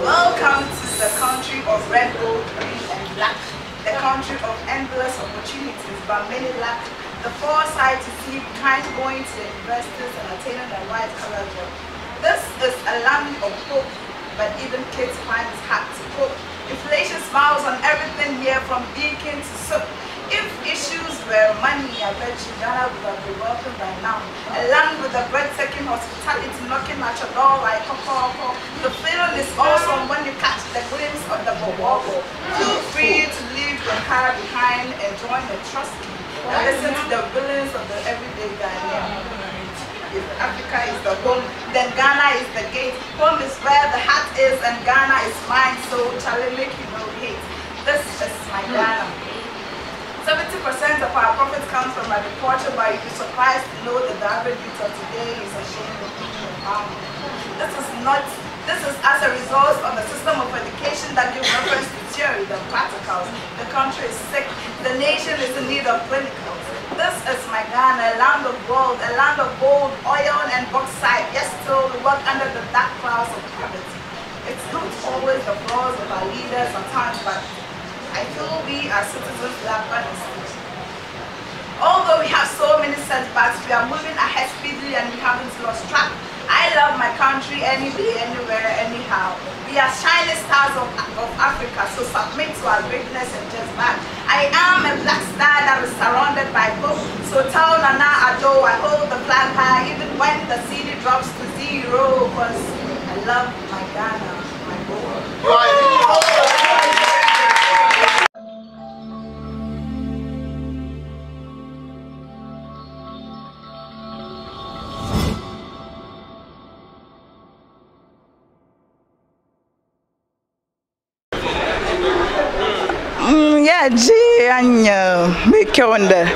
Welcome to the country of red, gold, green and black, the country of endless opportunities, but many lack the foresight to see behind going to the universities and attaining the white collar job. This is a land of hope, but even kids find it hard to cope Inflation smiles on everything here from deacons to soup. If issues were money, I bet you Ghana would have been welcome by now. A land with a breathtaking hospitality knocking at your door like Hoko The feeling is awesome when you catch the glimpse of the Bobogo. Feel free to leave your car behind and join the trust and listen to the villains of the everyday Ghanaian is Africa is the home, then Ghana is the gate. Home is where the heart is and Ghana is mine, so shall me make you no hate. This is my hmm. Ghana. 70% of our profits comes from agriculture, but you'd be surprised to know that the average youth of today is ashamed of being a farmer. This is not this is as a result of the system of education that gives reference to theory than practicals. The country is sick. The nation is in need of clinicals. This is my Ghana, a land of gold, a land of gold, oil and bauxite. Yes, still we work under the dark clouds of poverty. It's not always the flaws of our leaders sometimes, times, but I feel we as citizens lack honesty. Although we have so many setbacks, we are moving ahead speedily and we haven't lost track. I love my country any day, anywhere, anyhow. We are shining stars of, of Africa, so submit to our greatness and just back. I am a black star that is surrounded by Total Nana Ajo, I hold the flag high, even when the city drops to zero, cause I love my Ghana, my boy. Mm, yeah, gee, and uh, make your wonder.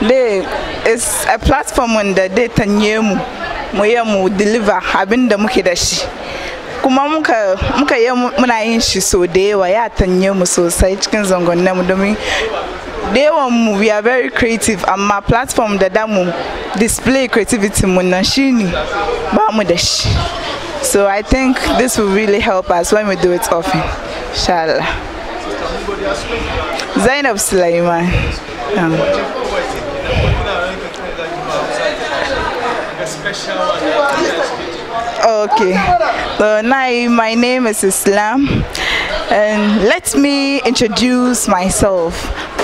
le is a platform wanda dai tanye mu mu yi mu deliver abin da muke da shi kuma muka muka yi muna yin shi so da yawa ya tanye mu sosai cikin zangonnin mu domin da yawan mu we are very creative amma platform da damu display creativity mu nan ne ba mu da shi so i think this will really help us when we do it often inshallah zainab sulaiman yeah. Um, special okay so now my name is Islam and let me introduce myself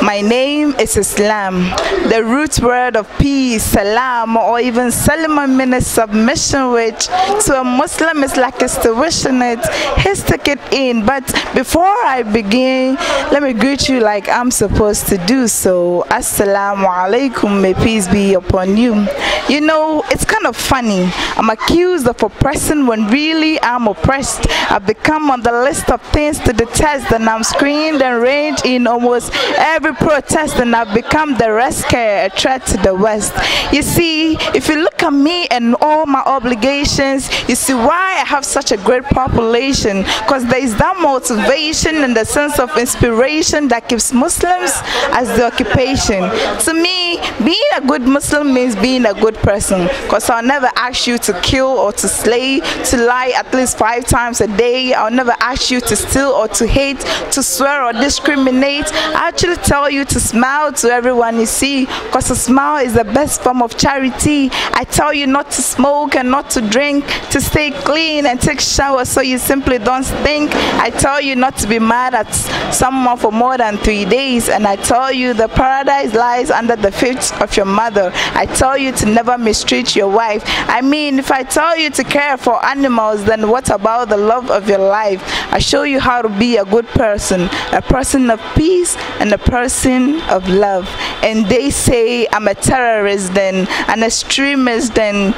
my name is Islam. The root word of peace, salam, or even Solomon means submission, which to a Muslim is like a station. it, his ticket in. But before I begin, let me greet you like I'm supposed to do so. Assalamu alaikum, may peace be upon you. You know, it's kind of funny. I'm accused of oppressing when really I'm oppressed. I've become on the list of things to detest and I'm screened and ranged in almost every every protest and I've become the rescuer, a threat to the West. You see, if you look at me and all my obligations, you see why I have such a great population because there is that motivation and the sense of inspiration that keeps Muslims as the occupation. To me, being a good Muslim means being a good person because I'll never ask you to kill or to slay, to lie at least five times a day. I'll never ask you to steal or to hate, to swear or discriminate. I actually tell tell you to smile to everyone you see because a smile is the best form of charity. I tell you not to smoke and not to drink, to stay clean and take showers so you simply don't stink. I tell you not to be mad at someone for more than three days. And I tell you the paradise lies under the feet of your mother. I tell you to never mistreat your wife. I mean, if I tell you to care for animals, then what about the love of your life? I show you how to be a good person, a person of peace and a person person of love and they say I'm a terrorist then, an extremist then,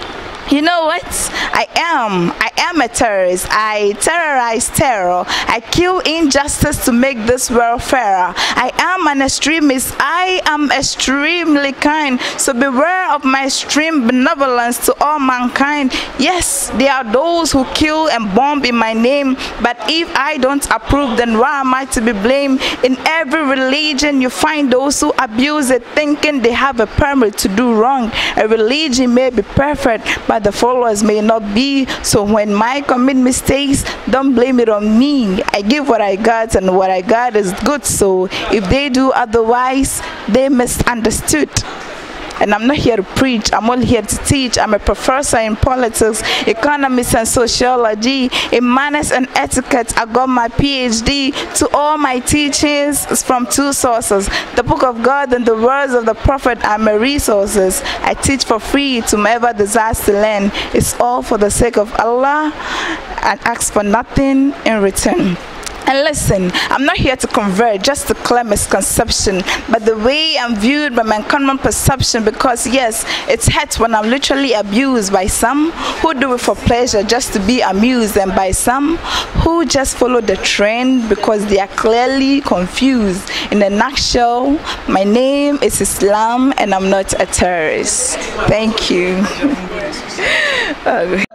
you know what? I am. I am a terrorist. I terrorize terror. I kill injustice to make this world fairer. I am an extremist. I am extremely kind. So beware of my extreme benevolence to all mankind. Yes, there are those who kill and bomb in my name. But if I don't approve, then why am I to be blamed? In every religion, you find those who abuse it, thinking they have a permit to do wrong. A religion may be perfect, but the followers may not be. So when I commit mistakes, don't blame it on me. I give what I got and what I got is good. So if they do otherwise, they misunderstood. And I'm not here to preach, I'm only here to teach. I'm a professor in politics, economics, and sociology, in manners and etiquette. I got my PhD to all my teachings from two sources the book of God and the words of the prophet are my resources. I teach for free to whomever desires to learn. It's all for the sake of Allah and ask for nothing in return. And listen, I'm not here to convert, just to clear misconception, but the way I'm viewed by my common perception, because yes, it's hurt when I'm literally abused by some who do it for pleasure just to be amused, and by some who just follow the trend because they are clearly confused. In a nutshell, my name is Islam, and I'm not a terrorist. Thank you. Oh,